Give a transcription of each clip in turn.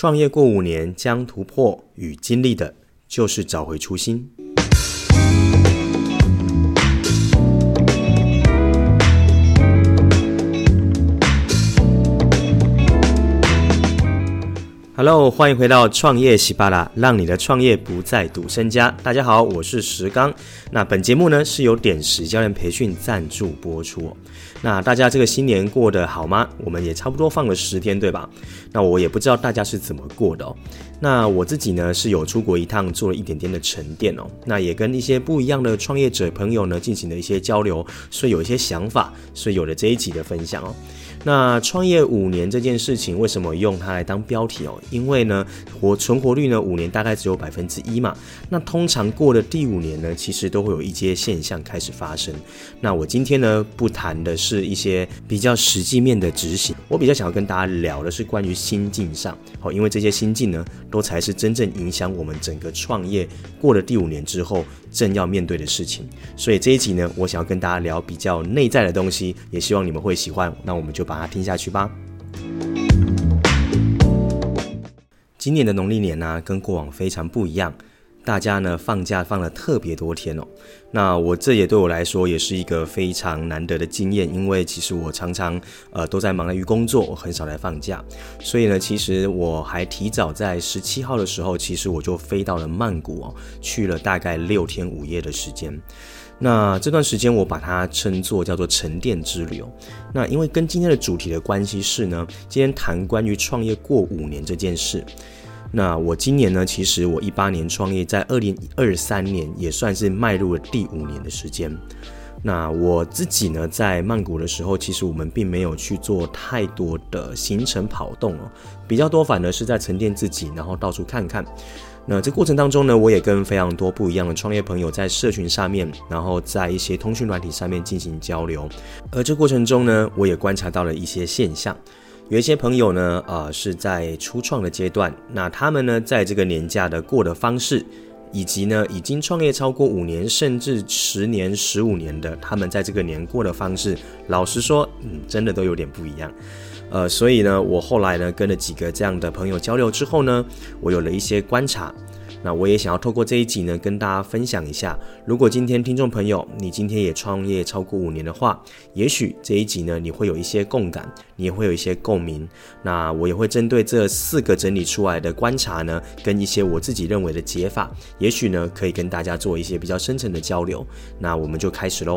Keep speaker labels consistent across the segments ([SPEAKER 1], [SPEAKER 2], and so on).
[SPEAKER 1] 創業過五年，將突破與經歷的，就是找回初心。Hello，歡迎回到創業喜巴拉，讓你的創業不再賭身家。大家好，我是石剛。那本節目呢是由點拾教練培訓贊助播出。那大家這個新年過得好嗎？我們也差不多放了十天，對吧？那我也不知道大家是怎麼過的哦。那我自己呢是有出國一趟，做了一點點的沉澱哦。那也跟一些不一樣的創業者朋友呢進行了一些交流，所以有一些想法，所以有了這一集的分享哦。那創業五年這件事情，為什麼用它來當標題哦？因為呢，活存活率呢五年大概只有百分之一嘛。那通常過了第五年呢，其實都會有一些現象開始發生。那我今天呢不談的是一些比較實際面的執行，我比較想要跟大家聊的是關於心境上。好，因為這些心境呢都才是真正影響我們整個創業過了第五年之後。正要面對的事情，所以這一集呢，我想要跟大家聊比較內在的東西，也希望你們會喜歡。那我們就把它聽下去吧。今年的農曆年呢、啊，跟過往非常不一樣。大家呢，放假放了特別多天哦。那我這也對我來說也是一個非常難得的經驗，因為其實我常常呃，都在忙於工作，我很少來放假，所以呢，其實我還提早在十七號的時候，其實我就飛到了曼谷哦，去了大概六天五夜的時間，那這段時間我把它稱作叫做沉澱之旅哦，那因為跟今天的主題的關係是呢，今天談關於創業過五年這件事。那我今年呢，其實我一八年創業在2023年，在二零二三年也算是邁入了第五年的時間。那我自己呢，在曼谷的時候，其實我們並沒有去做太多的行程跑動哦，比較多反而是在沉澱自己，然後到處看看。那這過程當中呢，我也跟非常多不一樣的創業朋友在社群上面，然後在一些通訊軟體上面進行交流。而這過程中呢，我也觀察到了一些現象。有一些朋友呢，呃，是在初創的階段，那他們呢，在這個年假的過的方式，以及呢，已經創業超過五年甚至十年、十五年的，他們在這個年過的方式，老實說，嗯，真的都有點不一樣。呃，所以呢，我後來呢，跟了幾個這樣的朋友交流之後呢，我有了一些觀察。那我也想要透過這一集呢，跟大家分享一下。如果今天聽眾朋友，你今天也創業超過五年的話，也許這一集呢，你會有一些共感，你也會有一些共鳴。那我也會針對這四個整理出來的觀察呢，跟一些我自己認為的解法，也許呢，可以跟大家做一些比較深層的交流。那我們就開始嘍。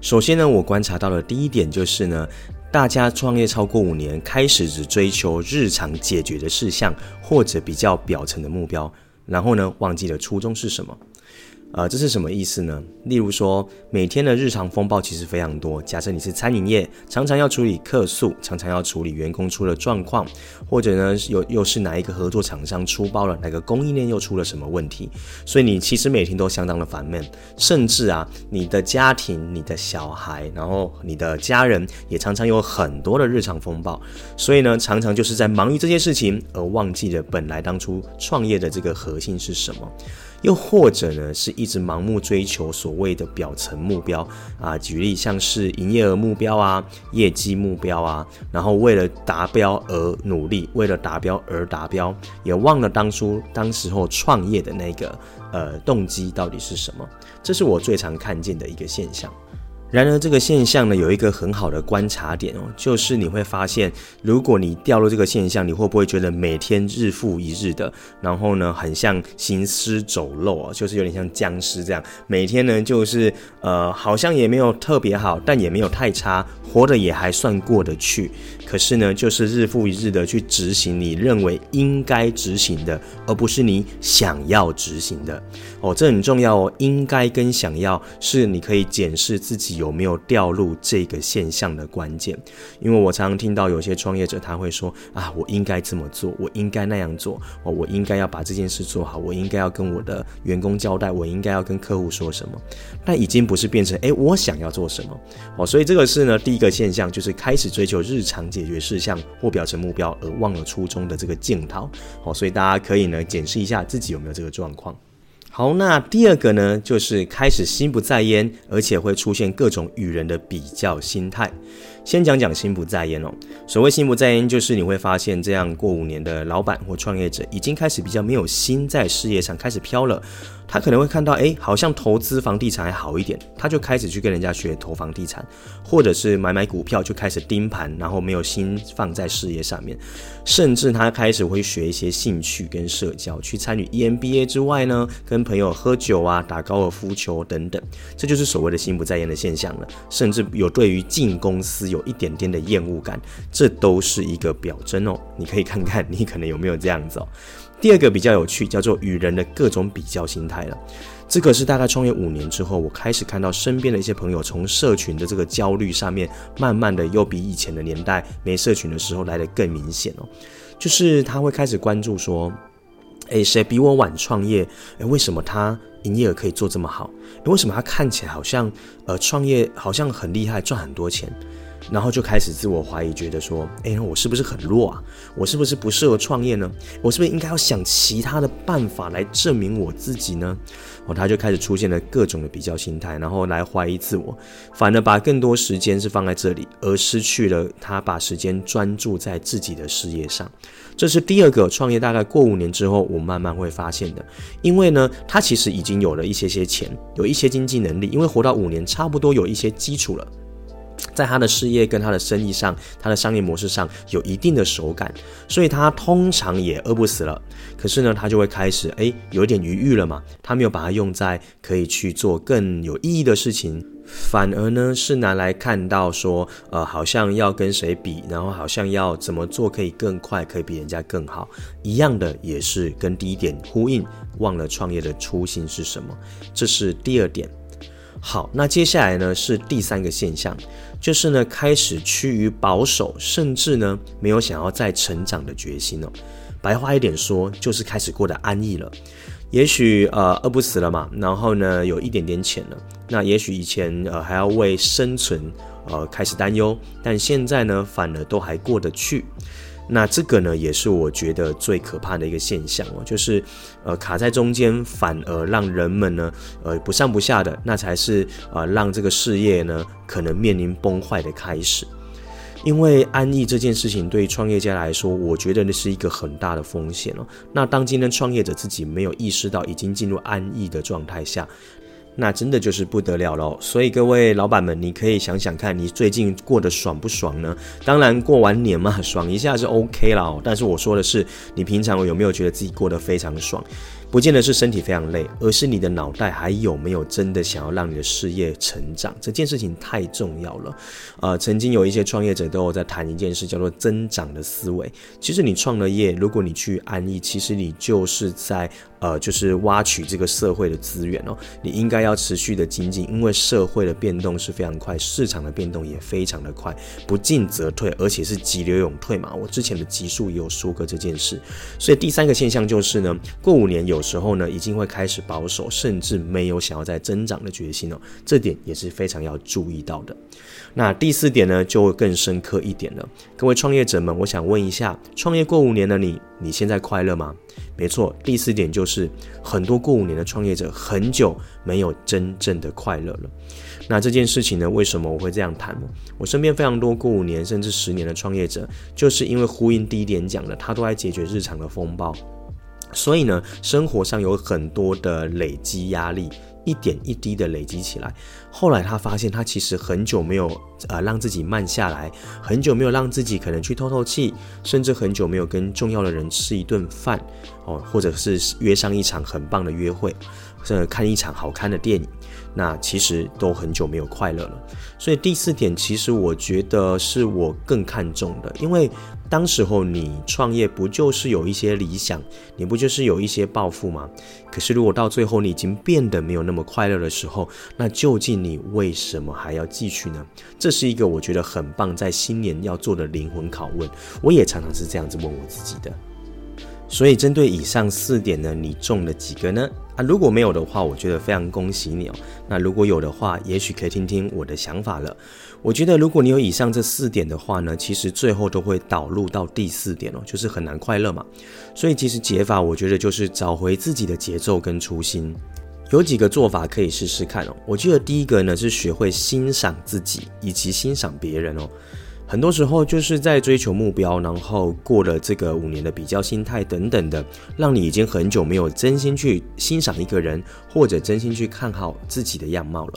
[SPEAKER 1] 首先呢，我觀察到的第一點就是呢，大家創業超過五年，開始只追求日常解決的事項，或者比較表層的目標。然後呢，忘記了初衷是什麼。呃，這是什麼意思呢？例如說，每天的日常風暴其實非常多。假設你是餐飲業，常常要處理客訴，常常要處理員工出了狀況，或者呢，又又是哪一個合作廠商出包了，哪個供應鏈又出了什麼問題？所以你其實每天都相當的煩悶，甚至啊，你的家庭、你的小孩，然後你的家人，也常常有很多的日常風暴。所以呢，常常就是在忙於這些事情，而忘記了本來當初創業的這個核心是什麼。又或者呢，是一直盲目追求所謂的表層目標啊，舉例像是營業額目標啊、業績目標啊，然後為了達標而努力，為了達標而達標，也忘了當初當時候創業的那個呃動機到底是什麼，這是我最常看見的一個現象。然而這個現象呢，有一個很好的觀察點哦，就是你會發現，如果你掉入這個現象，你會不會覺得每天日復一日的，然後呢，很像行屍走肉啊、哦，就是有點像僵屍這樣，每天呢，就是呃，好像也沒有特別好，但也沒有太差，活得也還算過得去。可是呢，就是日復一日的去執行你認為應該執行的，而不是你想要執行的哦。這很重要哦，應該跟想要是你可以檢視自己有沒有掉入這個現象的關鍵？因為我常常聽到有些創業者他會說啊，我應該這麼做，我應該那樣做哦，我應該要把這件事做好，我應該要跟我的員工交代，我應該要跟客戶說什麼。但已經不是變成誒，我想要做什麼哦，所以這個是呢第一個現象，就是開始追求日常解決事項或表層目標而忘了初衷的這個鏡頭哦。所以大家可以呢檢視一下自己有沒有這個狀況。好，那第二個呢，就是開始心不在焉，而且會出現各種與人的比較心態。先講講心不在焉哦。所謂心不在焉，就是你會發現，這樣過五年的老板或創業者，已經開始比較沒有心在事業上開始飄了。他可能會看到，哎，好像投資房地產還好一點，他就開始去跟人家學投房地產，或者是買買股票就開始盯盤，然後沒有心放在事業上面。甚至他開始會學一些興趣跟社交，去參與 EMBA 之外呢，跟朋友喝酒啊、打高爾夫球等等。這就是所謂的心不在焉的現象了。甚至有對於進公司，有一點點的厭惡感，這都是一個表徵哦。你可以看看，你可能有沒有這樣子哦。第二個比較有趣，叫做與人的各種比較心態了。這個是大概創業五年之後，我開始看到身邊的一些朋友，從社群的這個焦慮上面，慢慢的又比以前的年代沒社群的時候來得更明顯哦。就是他會開始關注說，誒，誰比我晚創業？誒，為什麼他營業額可以做這麼好？誒，為什麼他看起來好像呃，創業好像很厲害，賺很多錢？然後就開始自我懷疑，覺得說，哎，那我是不是很弱啊？我是不是不適合創業呢？我是不是應該要想其他的辦法來證明我自己呢？哦，他就開始出現了各種的比較心態，然後來懷疑自我，反而把更多時間是放在這裡，而失去了他把時間專注在自己的事業上。這是第二個創業，大概過五年之後，我慢慢會發現的。因為呢，他其實已經有了一些些錢，有一些經濟能力，因為活到五年，差不多有一些基礎了。在他的事業跟他的生意上，他的商業模式上有一定的手感，所以他通常也餓不死了。可是呢，他就會開始哎、欸，有點餘裕了嘛。他沒有把它用在可以去做更有意義的事情，反而呢是拿來看到說，呃，好像要跟誰比，然後好像要怎麼做可以更快，可以比人家更好。一樣的也是跟第一點呼應，忘了創業的初心是什麼，這是第二點。好，那接下來呢是第三個現象，就是呢開始趨於保守，甚至呢沒有想要再成長的決心了喔。白話一點說，就是開始過得安逸了。也許呃餓不死了嘛，然後呢有一點點錢了。那也許以前呃還要為生存呃開始擔憂，但現在呢反而都還過得去。那這個呢，也是我覺得最可怕的一個現象哦，就是，呃，卡在中間反而讓人們呢，呃，不上不下的，那才是啊，呃，讓這個事業呢，可能面臨崩壞的開始。因為安逸這件事情，對於創業家來說，我覺得那是一個很大的風險哦。那當今天的創業者自己沒有意識到已經進入安逸的狀態下。那真的就是不得了咯。所以各位老闆們，你可以想想看你最近過得爽不爽呢？當然過完年嘛，爽一下是 OK 了，但是我說的是，你平常有沒有覺得自己過得非常爽？不見得是身體非常累，而是你的腦袋還有沒有真的想要讓你的事業成長？這件事情太重要了，呃，曾經有一些創業者都有在談一件事，叫做增長的思維。其實你創了業，如果你去安逸，其實你就是在呃，就是挖取這個社會的資源哦。你應該要持續的精進，因為社會的變動是非常快，市場的變動也非常的快，不進則退，而且是急流勇退嘛。我之前的集數也有說過這件事，所以第三個現象就是呢，過五年有。時候呢，已經會開始保守，甚至沒有想要再增長的決心了，哦，這點也是非常要注意到的。那第四點呢，就會更深刻一點了。各位創業者們，我想問一下，創業過五年的你，你現在快樂嗎？沒錯，第四點就是很多過五年的創業者，很久沒有真正的快樂了。那這件事情呢，為什麼我會這樣談？我身邊非常多過五年甚至十年的創業者，就是因為呼應第一點講的，他都在解決日常的風暴。所以呢，生活上有很多的累積壓力，一點一滴的累積起來。後來他發現，他其實很久沒有呃讓自己慢下來，很久沒有讓自己可能去透透氣，甚至很久沒有跟重要的人吃一頓飯，哦，或者是約上一場很棒的約會，或者看一場好看的電影。那其實都很久沒有快樂了。所以第四點，其實我覺得是我更看重的，因為。當時候你創業不就是有一些理想，你不就是有一些抱負嗎？可是如果到最後你已經變得沒有那麼快樂的時候，那究竟你為什麼還要繼續呢？這是一個我覺得很棒在新年要做的靈魂拷問，我也常常是這樣子問我自己的。所以針對以上四點呢，你中了幾個呢？啊，如果沒有的話，我覺得非常恭喜你哦。那如果有的話，也許可以聽聽我的想法了。我覺得，如果你有以上這四點的話呢，其實最後都會導入到第四點哦，就是很難快樂嘛。所以，其實解法我覺得就是找回自己的節奏跟初心。有幾個做法可以試試看哦。我記得第一個呢是學會欣賞自己以及欣賞別人哦。很多時候就是在追求目標，然後過了這個五年的比較心態等等的，讓你已經很久沒有真心去欣賞一個人，或者真心去看好自己的樣貌了。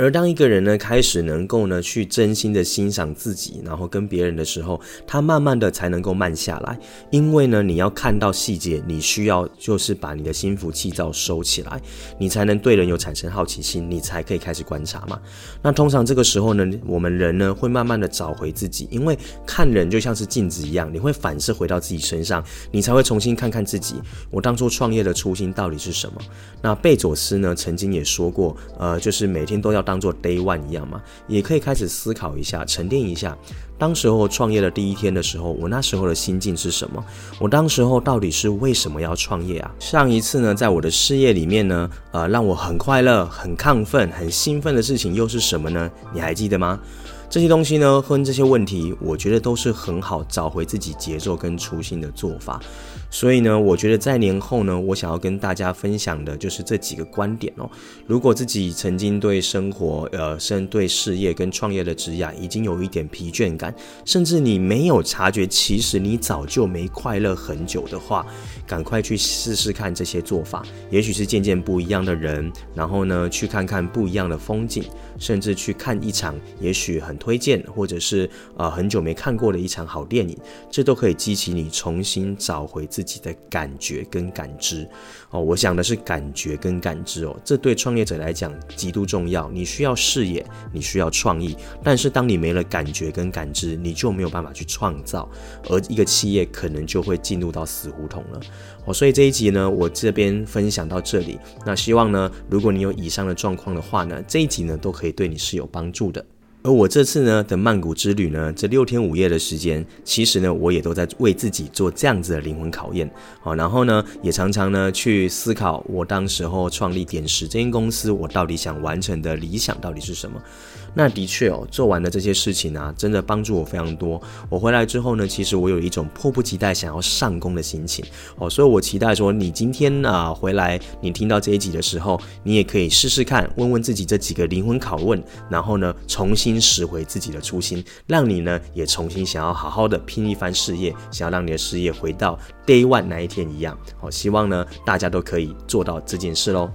[SPEAKER 1] 而當一個人呢開始能夠呢去真心的欣賞自己，然後跟別人的時候，他慢慢的才能夠慢下來。因為呢，你要看到細節，你需要就是把你的心浮氣躁收起來，你才能對人有產生好奇心，你才可以開始觀察嘛。那通常這個時候呢，我們人呢會慢慢的找回自己，因為看人就像是鏡子一樣，你會反射回到自己身上，你才會重新看看自己。我當初創業的初心到底是什麼？那貝佐斯呢曾經也說過，呃，就是每天都要。當做 day one 一樣嘛，也可以開始思考一下，沉澱一下。當時候創業的第一天的時候，我那時候的心境是什麼？我當時候到底是為什麼要創業啊？上一次呢，在我的事業裡面呢，呃，讓我很快樂、很亢奮、很興奮的事情又是什麼呢？你還記得嗎？這些東西呢，問這些問題，我覺得都是很好找回自己節奏跟初心的做法。所以呢，我覺得在年後呢，我想要跟大家分享的就是這幾個觀點哦。如果自己曾經對生活、呃，甚至對事業跟創業的執雅已經有一點疲倦感，甚至你沒有察覺，其實你早就沒快樂很久的話，趕快去試試看這些做法。也許是見見不一樣的人，然後呢，去看看不一樣的風景，甚至去看一場也許很推薦，或者是，呃，很久沒看過的一場好電影，這都可以激起你重新找回自己，自己的感覺跟感知哦，我想的是感覺跟感知哦，這對創業者來講極度重要。你需要視野，你需要創意，但是當你沒了感覺跟感知，你就沒有辦法去創造，而一個企業可能就會進入到死胡同了哦。所以這一集呢，我這邊分享到這裡。那希望呢，如果你有以上的狀況的話呢，這一集呢都可以對你是有幫助的。而我這次呢的曼谷之旅呢，這六天五夜的時間，其實呢我也都在為自己做這樣子的靈魂考驗，好、哦，然後呢也常常呢去思考，我當時候創立點拾這間公司，我到底想完成的理想到底是什麼？那的確哦，做完了這些事情啊，真的幫助我非常多。我回來之後呢，其實我有一種迫不及待想要上工的心情，哦，所以我期待說，你今天啊回來，你聽到這一集的時候，你也可以試試看，問問自己這幾個靈魂拷問，然後呢重新。拾回自己的初心，讓你呢也重新想要好好的拼一番事業，想要讓你的事業回到 day one 那一天一樣。好，希望呢大家都可以做到這件事嘍。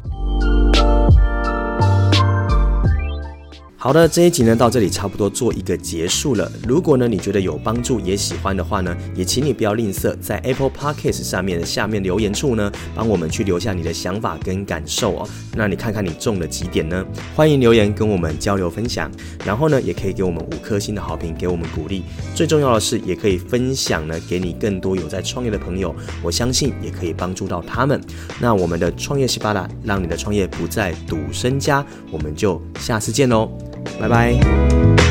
[SPEAKER 1] 好的，這一集呢到這裡差不多做一個結束了。如果呢你覺得有幫助也喜歡的話呢，也請你不要吝嗇在 Apple Podcast 上面的下面留言處呢，幫我們去留下你的想法跟感受哦。那你看看你中了幾點呢？歡迎留言跟我們交流分享。然後呢，也可以給我們五顆星的好評，給我們鼓勵。最重要的是，也可以分享呢給你更多有在創業的朋友，我相信也可以幫助到他們。那我們的創業十八啦，讓你的創業不再賭身家。我們就下次見嘍、哦。拜拜。